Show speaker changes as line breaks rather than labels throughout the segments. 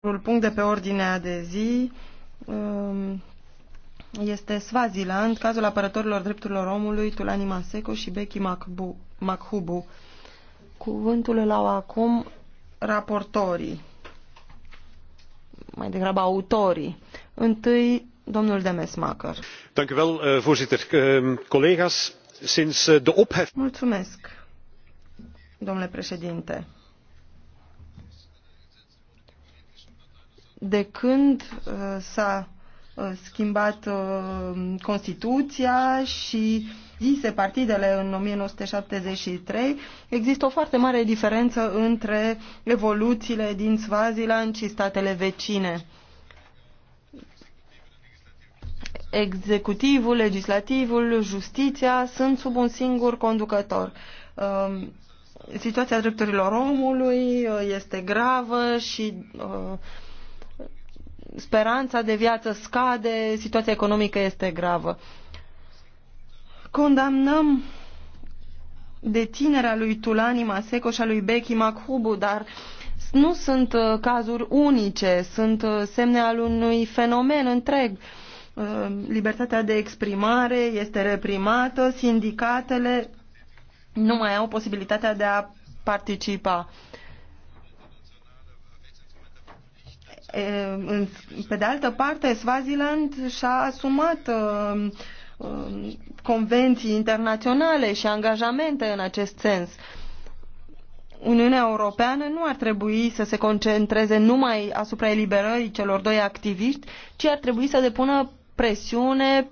Următorul punct de pe ordinea de zi um, este Swaziland, cazul apărătorilor drepturilor omului Tulani Maseko și Becky Makhubu. Cuvântul îl au acum raportorii, mai degrabă autorii. Întâi, domnul Demesmacher.
Dank u wel, eh, voorzitter. Ehm, collega's, sinds eh, de ophef...
Mulțumesc, domnule președinte. de când uh, s-a uh, schimbat uh, Constituția și zise partidele în 1973, există o foarte mare diferență între evoluțiile din Swaziland și statele vecine. Executivul, legislativul, justiția sunt sub un singur conducător. Um, situația drepturilor omului este gravă și uh, speranța de viață scade, situația economică este gravă. Condamnăm deținerea lui Tulani Maseko și a lui Becky Makhubu, dar nu sunt uh, cazuri unice, sunt uh, semne al unui fenomen întreg. Uh, libertatea de exprimare este reprimată, sindicatele nu mai au posibilitatea de a participa. Pe de altă parte, Swaziland și-a asumat convenții internaționale și angajamente în acest sens. Uniunea Europeană nu ar trebui să se concentreze numai asupra eliberării celor doi activiști, ci ar trebui să depună presiune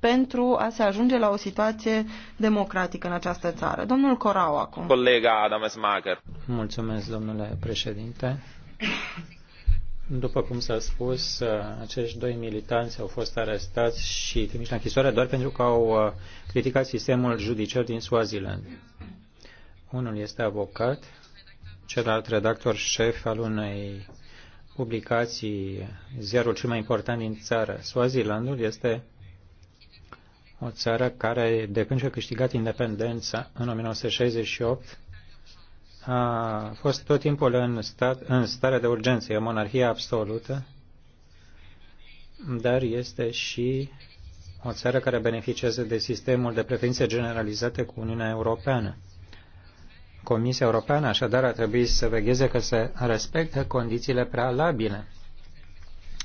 pentru a se ajunge la o situație democratică în această țară. Domnul Corau acum.
Colega Adam Smager. Mulțumesc, domnule președinte. După cum s-a spus, uh, acești doi militanți au fost arestați și trimiși la închisoare doar pentru că au uh, criticat sistemul judiciar din Swaziland. Unul este avocat, celălalt redactor șef al unei publicații, ziarul cel mai important din țară. Swazilandul este o țară care, de când și-a câștigat independența în 1968, a fost tot timpul în, stat, în stare de urgență, e o monarhie absolută, dar este și o țară care beneficiază de sistemul de preferințe generalizate cu Uniunea Europeană. Comisia Europeană așadar ar trebui să vegheze că se respectă condițiile prealabile.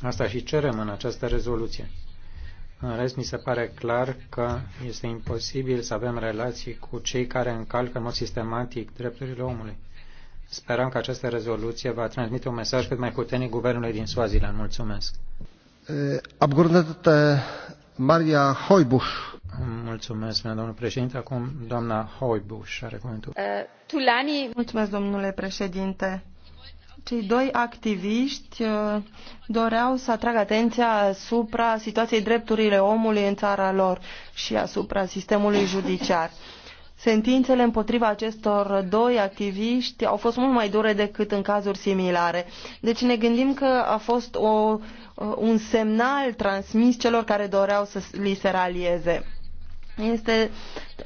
Asta și cerem în această rezoluție. În rest, mi se pare clar că este imposibil să avem relații cu cei care încalcă în mod sistematic drepturile omului. Sperăm că această rezoluție va transmite un mesaj cât mai puternic guvernului din Swaziland. Mulțumesc. Eh, Maria Hoibuș. Mulțumesc, domnul președinte. Acum doamna Hoibuș are cuvântul. Eh,
Tulani. Mulțumesc, domnule președinte cei doi activiști uh, doreau să atragă atenția asupra situației drepturilor omului în țara lor și asupra sistemului judiciar. Sentințele împotriva acestor doi activiști au fost mult mai dure decât în cazuri similare. Deci ne gândim că a fost o, uh, un semnal transmis celor care doreau să li se ralieze este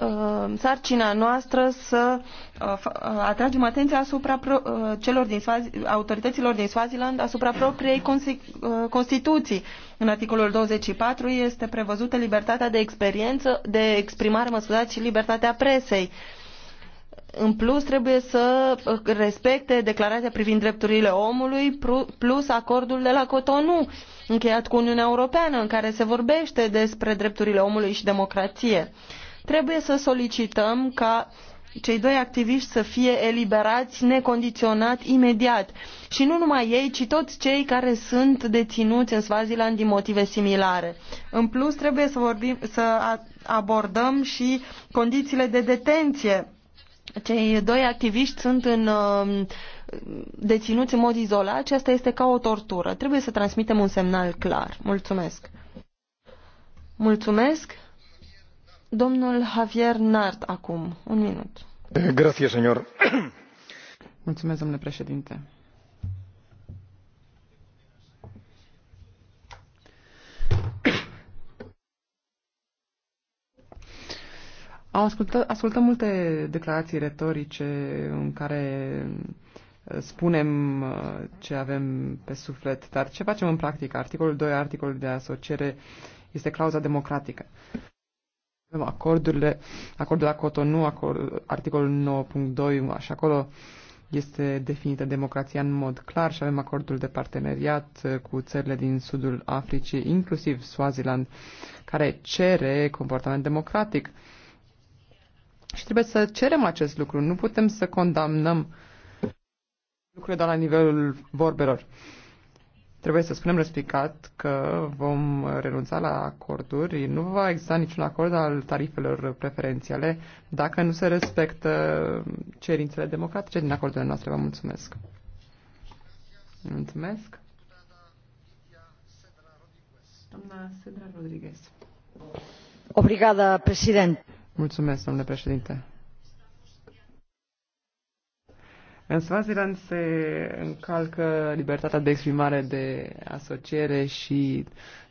uh, sarcina noastră să uh, uh, atragem atenția asupra pro, uh, celor din Swazi, autorităților din Swaziland asupra propriei consi, uh, Constituții. În articolul 24 este prevăzută libertatea de experiență, de exprimare, mă scuzați, și libertatea presei. Uh, în plus trebuie să uh, respecte declarația privind drepturile omului plus acordul de la Cotonou încheiat cu Uniunea Europeană în care se vorbește despre drepturile omului și democrație. Trebuie să solicităm ca cei doi activiști să fie eliberați necondiționat imediat și nu numai ei, ci toți cei care sunt deținuți în Swaziland din motive similare. În plus trebuie să, vorbim, să abordăm și condițiile de detenție cei doi activiști sunt în, um, deținuți în mod izolat și asta este ca o tortură. Trebuie să transmitem un semnal clar. Mulțumesc. Mulțumesc. Domnul Javier Nart, acum. Un minut. Grazie,
Mulțumesc, domnule președinte. ascultat, ascultăm multe declarații retorice în care uh, spunem uh, ce avem pe suflet, dar ce facem în practică? Articolul 2, articolul de asociere, este clauza democratică. Acordurile, acordul la Cotonou, acord, articolul 9.2, și acolo este definită democrația în mod clar și avem acordul de parteneriat uh, cu țările din sudul Africii, inclusiv Swaziland, care cere comportament democratic. Uh, și trebuie să cerem acest lucru. Nu putem să condamnăm lucrurile doar la nivelul vorbelor. Trebuie să spunem răspicat că vom renunța la acorduri. Nu va exista niciun acord al tarifelor preferențiale dacă nu se respectă cerințele democratice din acordurile noastre. Vă mulțumesc. Mulțumesc. Doamna Sedra Rodriguez. Obrigada, președinte Mulțumesc, domnule președinte. În Swaziland se încalcă libertatea de exprimare, de asociere și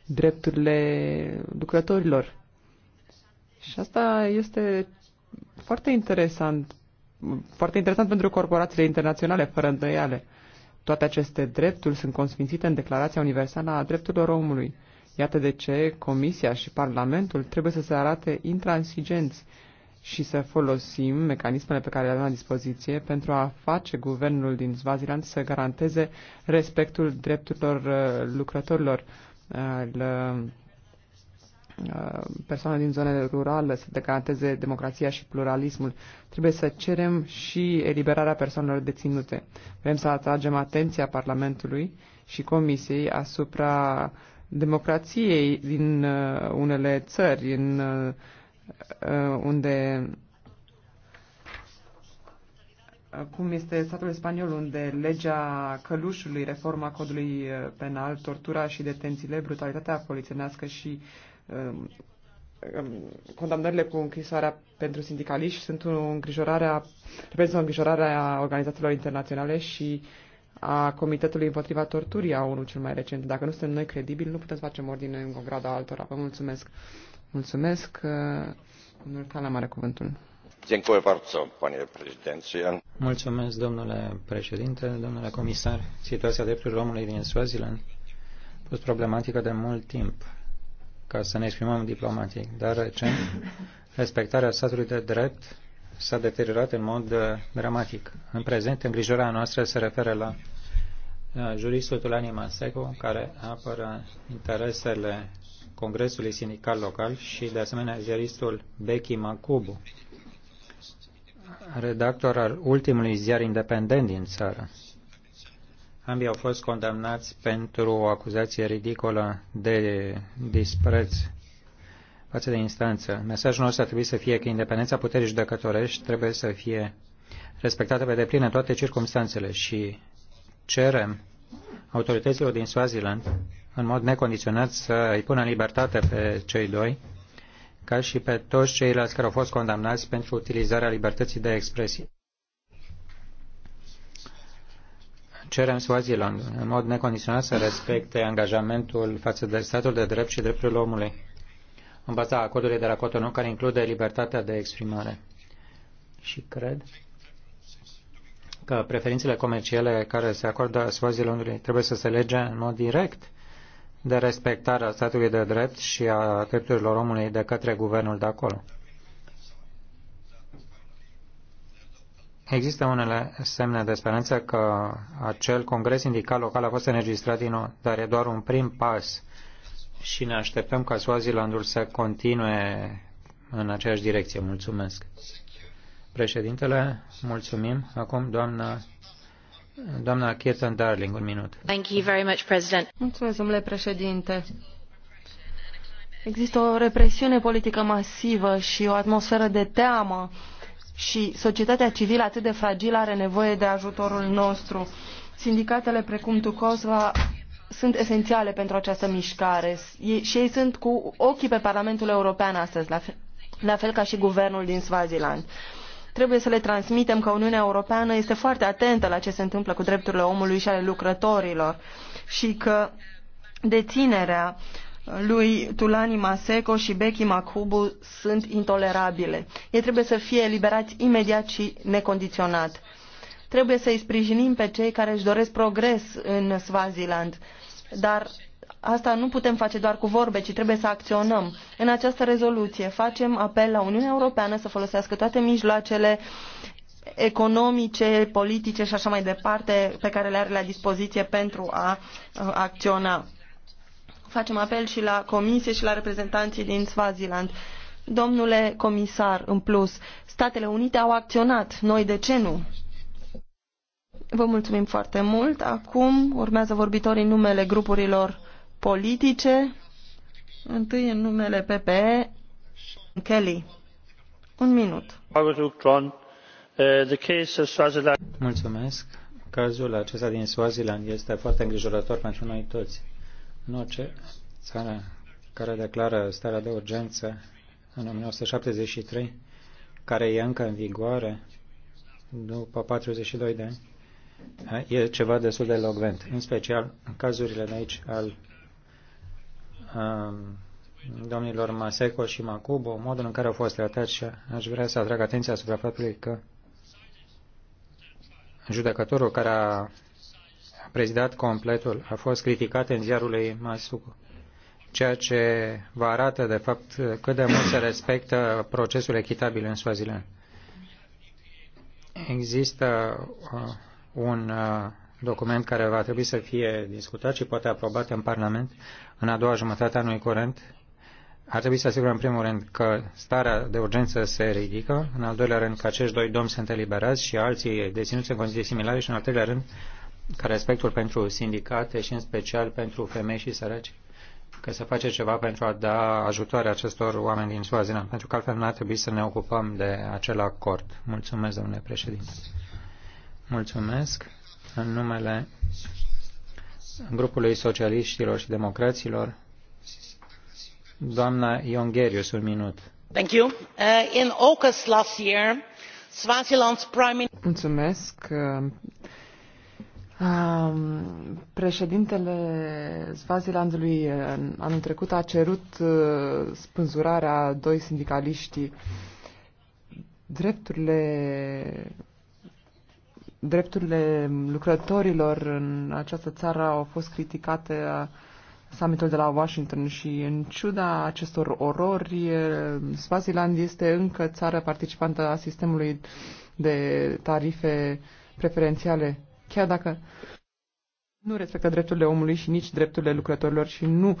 drepturile lucrătorilor. Și asta este foarte interesant, foarte interesant pentru corporațiile internaționale, fără îndoială. Toate aceste drepturi sunt consfințite în Declarația Universală a Drepturilor Omului Iată de ce Comisia și Parlamentul trebuie să se arate intransigenți și să folosim mecanismele pe care le avem la dispoziție pentru a face guvernul din Swaziland să garanteze respectul drepturilor uh, lucrătorilor, uh, uh, persoane din zonele rurale, să garanteze democrația și pluralismul. Trebuie să cerem și eliberarea persoanelor deținute. Vrem să atragem atenția Parlamentului și Comisiei asupra uh, democrației din uh, unele țări în, uh, uh, unde cum este statul spaniol unde legea călușului, reforma codului penal, tortura și detențiile, brutalitatea polițienească și um, um, condamnările cu închisoarea pentru sindicaliști sunt o îngrijorare a, reprezintă o îngrijorare a organizațiilor internaționale și uh, a Comitetului împotriva torturii a unul cel mai recent. Dacă nu suntem noi credibili, nu putem să facem ordine în grada altora. Vă mulțumesc.
Mulțumesc. Domnul Cala, mare cuvântul. Mulțumesc, domnule președinte, domnule comisar. Situația drepturilor omului din Swaziland a fost problematică de mult timp, ca să ne exprimăm diplomatic, dar recent respectarea statului de drept s-a deteriorat în mod uh, dramatic. În prezent, îngrijorarea noastră se referă la uh, juristul Tulani Maseco, care apără interesele Congresului Sindical Local și, de asemenea, juristul Becky Macubu, redactor al ultimului ziar independent din țară. Ambii au fost condamnați pentru o acuzație ridicolă de dispreț față de instanță. Mesajul nostru ar trebui să fie că independența puterii judecătorești trebuie să fie respectată pe deplin în toate circumstanțele și cerem autorităților din Swaziland în mod necondiționat să îi pună în libertate pe cei doi, ca și pe toți ceilalți care au fost condamnați pentru utilizarea libertății de expresie. cerem Swaziland în mod necondiționat să respecte angajamentul față de statul de drept și drepturile omului în baza acordului de la Cotonou, care include libertatea de exprimare. Și cred că preferințele comerciale care se acordă Londrei trebuie să se lege în mod direct de respectarea statului de drept și a drepturilor omului de către guvernul de acolo. Există unele semne de speranță că acel congres sindical local a fost înregistrat din nou, dar e doar un prim pas și ne așteptăm ca Swazilandul să continue în aceeași direcție. Mulțumesc. Președintele, mulțumim. Acum, doamna Doamna Kirtan Darling, un minut. Thank you very much,
President. Mulțumesc, domnule președinte. Există o represiune politică masivă și o atmosferă de teamă și societatea civilă atât de fragilă are nevoie de ajutorul nostru. Sindicatele precum Tucosva sunt esențiale pentru această mișcare și ei sunt cu ochii pe Parlamentul European astăzi, la fel, la fel ca și guvernul din Swaziland. Trebuie să le transmitem că Uniunea Europeană este foarte atentă la ce se întâmplă cu drepturile omului și ale lucrătorilor și că deținerea lui Tulani Maseko și Becky Makubu sunt intolerabile. Ei trebuie să fie eliberați imediat și necondiționat Trebuie să îi sprijinim pe cei care își doresc progres în Swaziland. Dar asta nu putem face doar cu vorbe, ci trebuie să acționăm. În această rezoluție facem apel la Uniunea Europeană să folosească toate mijloacele economice, politice și așa mai departe pe care le are la dispoziție pentru a acționa. Facem apel și la comisie și la reprezentanții din Swaziland. Domnule comisar, în plus, Statele Unite au acționat. Noi de ce nu? Vă mulțumim foarte mult. Acum urmează vorbitorii numele grupurilor politice. Întâi în numele PPE, Kelly. Un minut.
Mulțumesc. Cazul acesta din Swaziland este foarte îngrijorător pentru noi toți. În orice țară care declară starea de urgență în 1973, care e încă în vigoare după 42 de ani, e ceva destul de elogvent, în special în cazurile de aici al um, domnilor Maseco și Macubo, modul în care au fost tratați și aș vrea să atrag atenția asupra faptului că judecătorul care a prezidat completul a fost criticat în ziarul lui Masuco, ceea ce vă arată, de fapt, cât de mult se respectă procesul echitabil în Swaziland. Există uh, un uh, document care va trebui să fie discutat și poate aprobat în Parlament în a doua jumătate a anului curent. Ar trebui să asigurăm, în primul rând, că starea de urgență se ridică, în al doilea rând, că acești doi domni sunt eliberați și alții deținuți în condiții similare și, în al treilea rând, ca respectul pentru sindicate și, în special, pentru femei și săraci, că se face ceva pentru a da ajutoare acestor oameni din Suazina, pentru că altfel nu ar trebui să ne ocupăm de acel acord. Mulțumesc, domnule președinte. Mulțumesc. În numele grupului socialiștilor și democraților, doamna Iongerius, un minut.
Thank you. Uh, in August last year, Swaziland's prime minister...
Mulțumesc. Um, Președintele Swazilandului anul trecut a cerut uh, spânzurarea doi sindicaliști. Drepturile drepturile lucrătorilor în această țară au fost criticate summitul de la Washington și în ciuda acestor orori, Swaziland este încă țară participantă a sistemului de tarife preferențiale, chiar dacă nu respectă drepturile omului și nici drepturile lucrătorilor și nu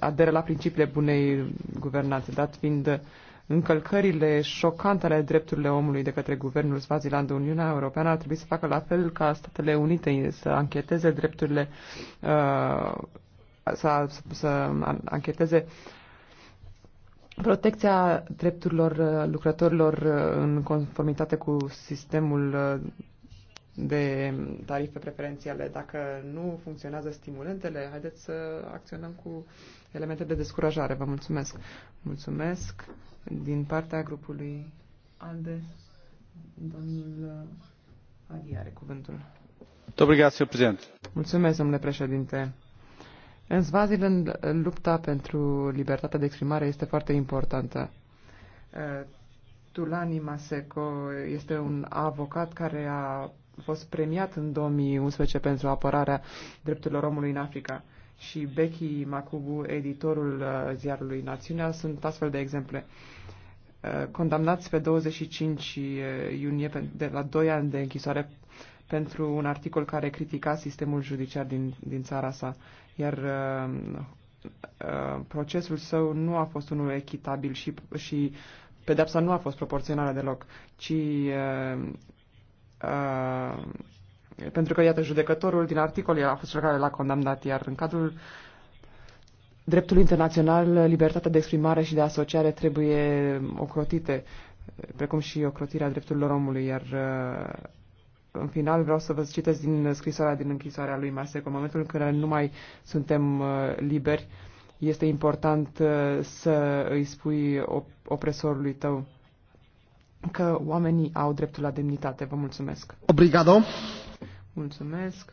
aderă la principiile bunei guvernanțe, dat fiind uh, încălcările șocante ale drepturilor omului de către guvernul Swaziland, Uniunea Europeană ar trebui să facă la fel ca Statele Unite să ancheteze drepturile, uh, să, să ancheteze protecția drepturilor uh, lucrătorilor uh, în conformitate cu sistemul de tarife preferențiale. Dacă nu funcționează stimulentele, haideți să acționăm cu elemente de descurajare. Vă mulțumesc. Mulțumesc din partea grupului ALDE, domnul Adi are cuvântul. Mulțumesc, domnule președinte. În Svaziland, lupta pentru libertatea de exprimare este foarte importantă. Uh, Tulani Maseko este un avocat care a fost premiat în 2011 pentru apărarea drepturilor omului în Africa și Becky Macubu, editorul uh, ziarului Națiunea, sunt astfel de exemple. Uh, condamnați pe 25 uh, iunie de la 2 ani de închisoare pentru un articol care critica sistemul judiciar din, din țara sa, iar uh, uh, procesul său nu a fost unul echitabil și, și pedepsa nu a fost proporțională deloc, ci uh, uh, pentru că, iată, judecătorul din articol a fost cel care l-a condamnat, iar în cadrul dreptul internațional, libertatea de exprimare și de asociare trebuie ocrotite, precum și ocrotirea drepturilor omului, iar uh, în final vreau să vă citesc din scrisoarea din închisoarea lui Maseco. În momentul în care nu mai suntem uh, liberi, este important uh, să îi spui opresorului tău că oamenii au dreptul la demnitate. Vă mulțumesc. Obrigado. Mulțumesc.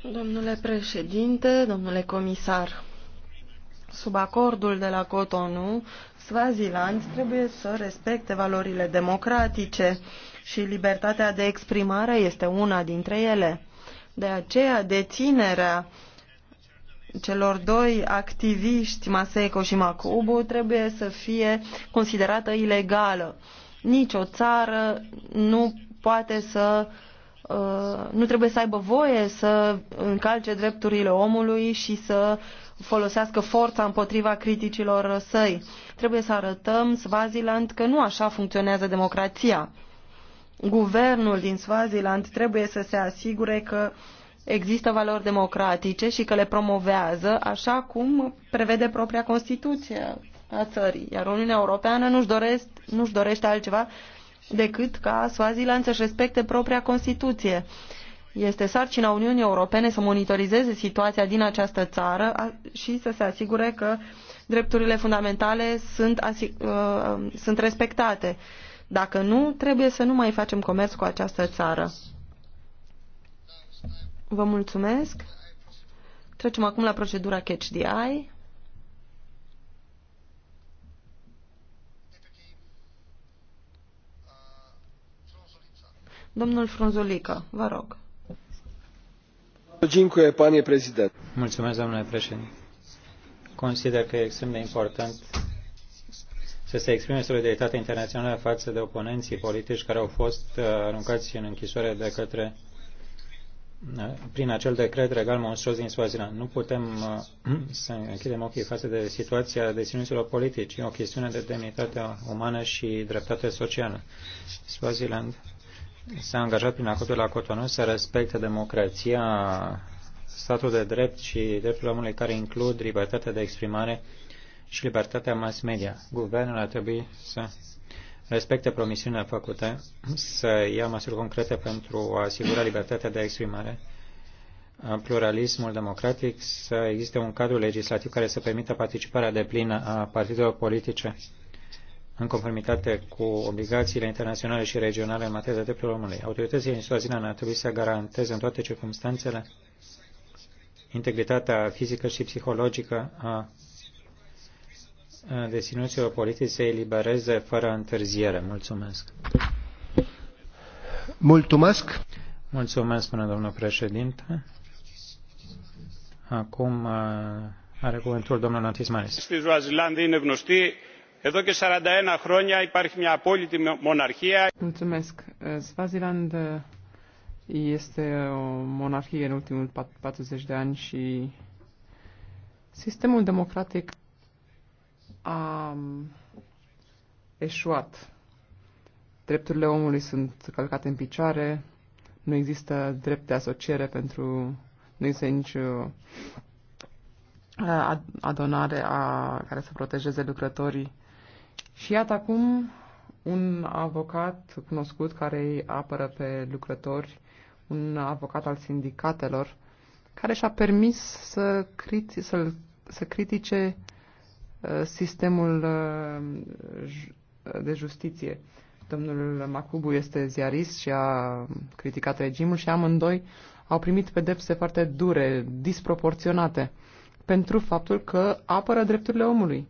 Domnule președinte, domnule comisar, sub acordul de la Cotonou, Swaziland trebuie să respecte valorile democratice și libertatea de exprimare este una dintre ele. De aceea, deținerea celor doi activiști, Maseko și Makubu, trebuie să fie considerată ilegală. Nici o țară nu poate să uh, nu trebuie să aibă voie să încalce drepturile omului și să folosească forța împotriva criticilor săi. Trebuie să arătăm Swaziland că nu așa funcționează democrația. Guvernul din Swaziland trebuie să se asigure că uh, există valori democratice și că le promovează așa cum prevede propria Constituție a țării. Iar Uniunea Europeană nu-și, dorește, nu-și dorește altceva decât ca Swaziland să-și respecte propria Constituție. Este sarcina Uniunii Europene să monitorizeze situația din această țară și să se asigure că drepturile fundamentale sunt, uh, sunt respectate. Dacă nu, trebuie să nu mai facem comerț cu această țară. Vă mulțumesc. Trecem acum la procedura Catch the Eye. Domnul Frunzulică, vă rog.
Mulțumesc, domnule președinte. Consider că e extrem de important să se exprime solidaritatea internațională față de oponenții politici care au fost uh, aruncați în închisoare de către da? prin acel decret regal monstruos din Swaziland. Nu putem uh, să închidem ochii față de situația deținuților politici. E o chestiune de demnitate umană și dreptate socială. Swaziland s-a angajat prin acordul la Cotonou să respecte democrația, statul de drept și drepturile omului care includ libertatea de exprimare și libertatea mass media. Guvernul ar trebui să respecte promisiunea făcută să ia măsuri concrete pentru a asigura libertatea de exprimare, pluralismul democratic, să existe un cadru legislativ care să permită participarea de plină a partidelor politice în conformitate cu obligațiile internaționale și regionale în materie de drepturile omului. Autoritățile din Suazina ar trebui să garanteze în toate circunstanțele integritatea fizică și psihologică a deținuților politici se elibereze fără întârziere. Mulțumesc. Mulțumesc. Mulțumesc, până domnul președinte. Acum are cuvântul domnul Natis Maris. Este Edo că 41 χρόνια υπάρχει μια απόλυτη μοναρχία.
Mulțumesc. Swaziland este o monarhie în ultimul 40 de ani și sistemul democratic a eșuat. Drepturile omului sunt călcate în picioare, nu există drept de asociere pentru, nu există nicio uh, adonare a, care să protejeze lucrătorii. Și iată acum un avocat cunoscut care îi apără pe lucrători, un avocat al sindicatelor, care și-a permis să, criti, să, să critique Uh, sistemul uh, uh, de justiție. Domnul Macubu este ziarist și a criticat regimul și amândoi au primit pedepse foarte dure, disproporționate, pentru faptul că apără drepturile omului.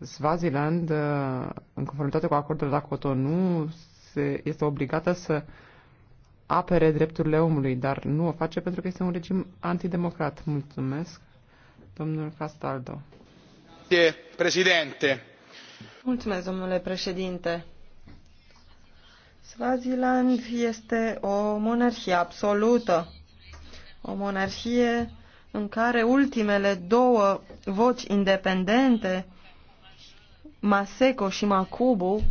Swaziland, în conformitate cu acordul de la Cotonou, se, este obligată să apere drepturile omului, dar nu o face pentru că este un regim antidemocrat. Mulțumesc. Castaldo.
Președinte. domnule președinte. Swaziland este o monarhie absolută, o monarhie în care ultimele două voci independente, Maseko și Makubu,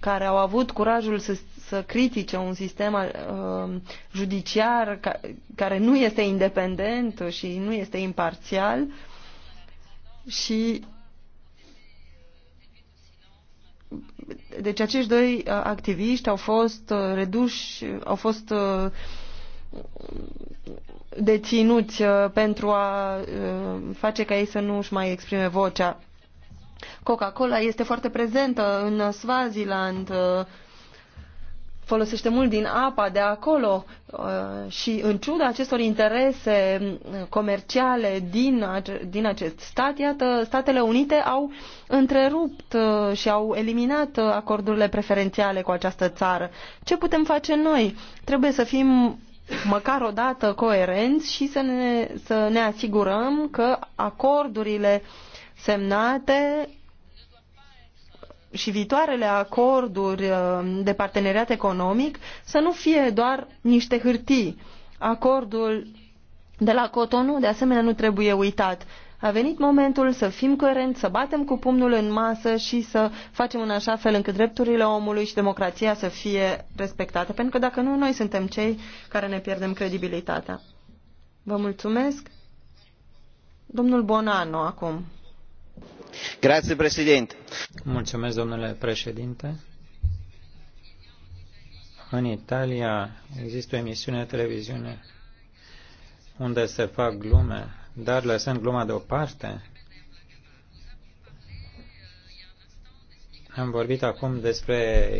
care au avut curajul să, să critique un sistem uh, judiciar ca, care nu este independent și nu este imparțial și deci acești doi uh, activiști au fost uh, reduși, au fost uh, deținuți uh, pentru a uh, face ca ei să nu își mai exprime vocea. Coca-Cola este foarte prezentă în Swaziland, uh, folosește mult din apa de acolo uh, și în ciuda acestor interese uh, comerciale din, din acest stat, iată, Statele Unite au întrerupt și au eliminat acordurile preferențiale cu această țară. Ce putem face noi? Trebuie să fim măcar o dată coerenți și să ne, să ne asigurăm că acordurile uh, semnate și viitoarele acorduri uh, de parteneriat economic să nu fie doar niște hârtii. Acordul de la Cotonou, de asemenea, nu trebuie uitat. A venit momentul să fim coerenți, să batem cu pumnul în masă și să facem în așa fel încât drepturile omului și democrația să fie respectate, pentru că dacă nu, noi suntem cei care ne pierdem credibilitatea. Vă mulțumesc. Domnul Bonano acum.
Grazie, Presidente. Mulțumesc, domnule președinte. În Italia există o emisiune de televiziune unde se fac glume, dar lăsând gluma deoparte, am vorbit acum despre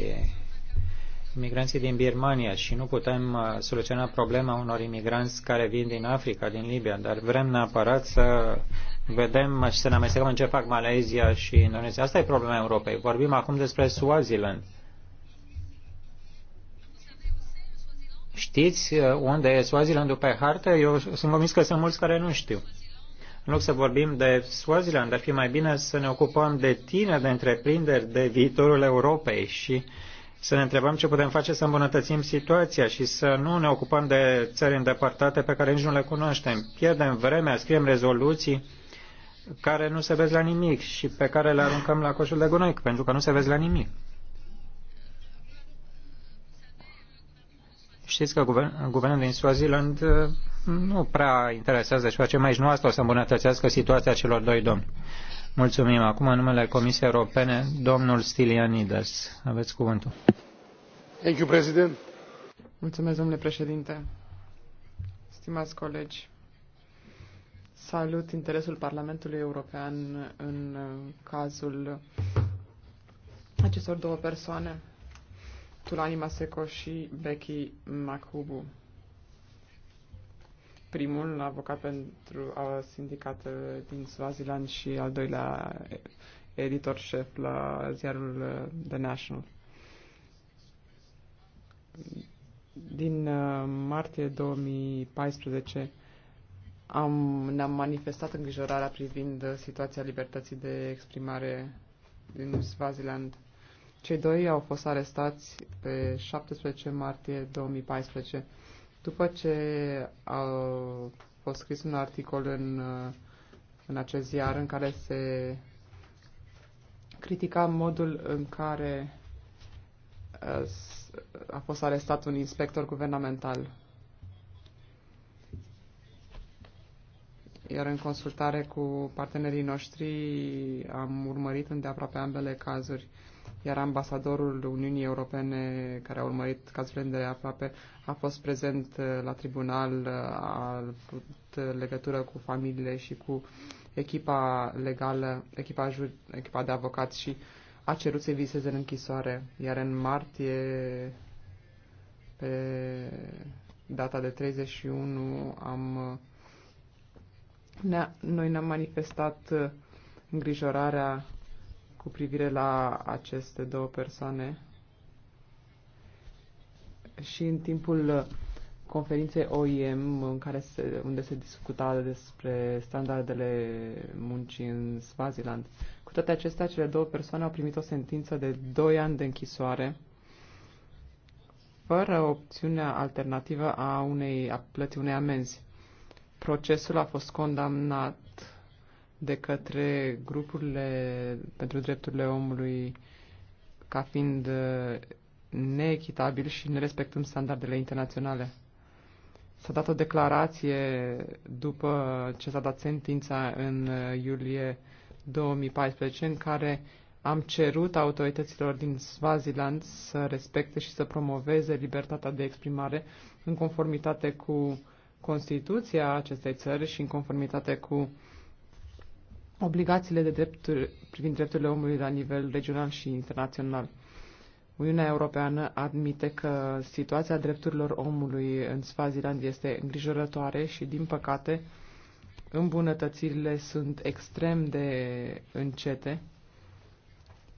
imigranții din Birmania și nu putem uh, soluționa problema unor imigranți care vin din Africa, din Libia, dar vrem neapărat să Vedem și să ne amestecăm în ce fac Malezia și Indonezia. Asta e problema Europei. Vorbim acum despre Swaziland. Știți uh, unde e Swaziland pe hartă? Eu sunt convins că sunt mulți care nu știu. În loc să vorbim de Swaziland, ar fi mai bine să ne ocupăm de tine, de întreprinderi, de viitorul Europei și să ne întrebăm ce putem face să îmbunătățim situația și să nu ne ocupăm de țări îndepărtate pe care nici nu le cunoaștem. Pierdem vremea, scriem rezoluții care nu se vezi la nimic și pe care le aruncăm la coșul de gunoi, pentru că nu se vezi la nimic. Știți că guvern, guvernul din Swaziland uh, nu prea interesează și facem aici. Nu asta o să îmbunătățească situația celor doi domni. Mulțumim. Acum în numele Comisiei Europene, domnul Stilianides. Aveți cuvântul.
Thank you, President. Mulțumesc, domnule președinte. Stimați colegi, Salut interesul Parlamentului European în uh, cazul acestor două persoane, Tulani Maseko și Becky Makubu. Primul avocat pentru sindicatele uh, din Swaziland și al doilea editor șef la ziarul uh, The National. Din martie 2014 am, ne-am manifestat îngrijorarea privind situația libertății de exprimare din Swaziland. Cei doi au fost arestați pe 17 martie 2014 după ce a fost scris un articol în, în acest ziar în care se critica modul în care uh, a fost arestat un inspector guvernamental iar în consultare cu partenerii noștri am urmărit îndeaproape ambele cazuri, iar ambasadorul Uniunii Europene care a urmărit cazurile îndeaproape a fost prezent uh, la tribunal, uh, a avut uh, legătură cu familiile și cu echipa legală, echipa, echipa de avocați și a cerut să viseze în închisoare, iar în martie pe data de 31 am ne noi ne-am manifestat uh, îngrijorarea cu privire la aceste două persoane și în timpul uh, conferinței OIM în care se, unde se discuta despre standardele muncii în Swaziland. Cu toate acestea, cele două persoane au primit o sentință de 2 ani de închisoare fără opțiunea alternativă a unei a plății unei amenzi. Procesul a fost condamnat de către grupurile pentru drepturile omului ca fiind uh, neechitabil și nerespectând standardele internaționale. S-a dat o declarație după ce s-a dat sentința în uh, iulie 2014 în care am cerut autorităților din Swaziland să respecte și să promoveze libertatea de exprimare în conformitate cu Constituția acestei țări și în conformitate cu obligațiile de drepturi privind drepturile omului la nivel regional și internațional. Uniunea Europeană admite că situația drepturilor omului în Swaziland este îngrijorătoare și, din păcate, îmbunătățirile sunt extrem de încete,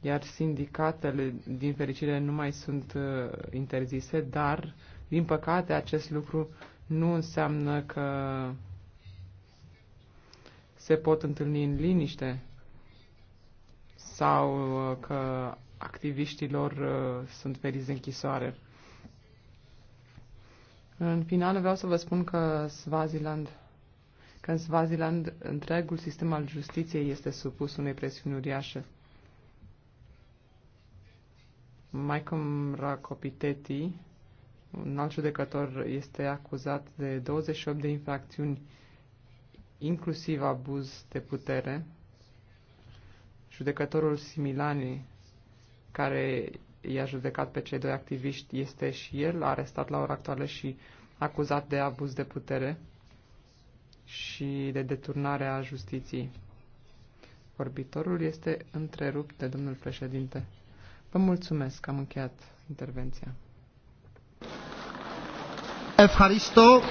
iar sindicatele, din fericire, nu mai sunt uh, interzise, dar, din păcate, acest lucru nu înseamnă că se pot întâlni în liniște sau uh, că activiștii lor uh, sunt feriți de închisoare. În final vreau să vă spun că Swaziland, că în Swaziland întregul sistem al justiției este supus unei presiuni uriașe. Michael Rakopiteti, un alt judecător este acuzat de 28 de infracțiuni, inclusiv abuz de putere. Judecătorul Similani, care i-a judecat pe cei doi activiști, este și el arestat la ora actuală și acuzat de abuz de putere și de deturnare a justiției. Vorbitorul este întrerupt de domnul președinte. Vă mulțumesc, am încheiat intervenția.
Evharisto.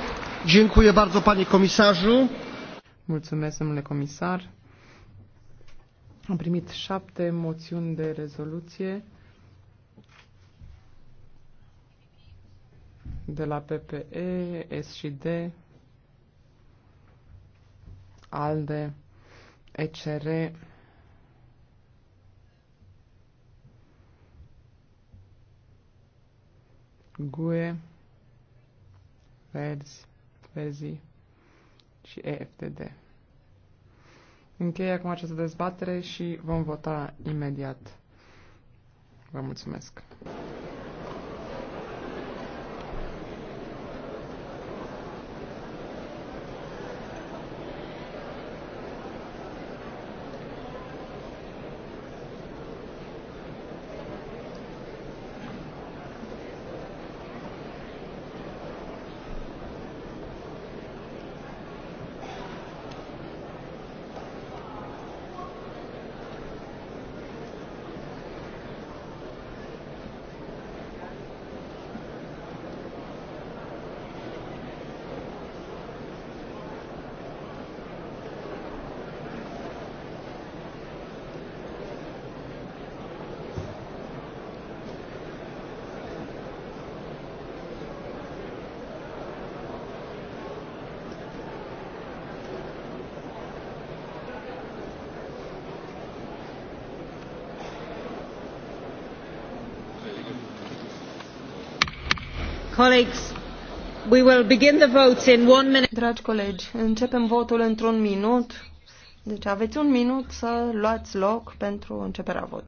Dziękuję bardzo, panie komisarzu. Mulțumesc, domnule comisar. Am primit șapte moțiuni de rezoluție de la PPE, S&D, ALDE, ECR, GUE, verzi, Ferzi și EFTD. Încheie acum această dezbatere și vom vota imediat. Vă mulțumesc!
Dragi colegi, începem votul într-un minut. Deci aveți un minut să luați loc pentru începerea votului.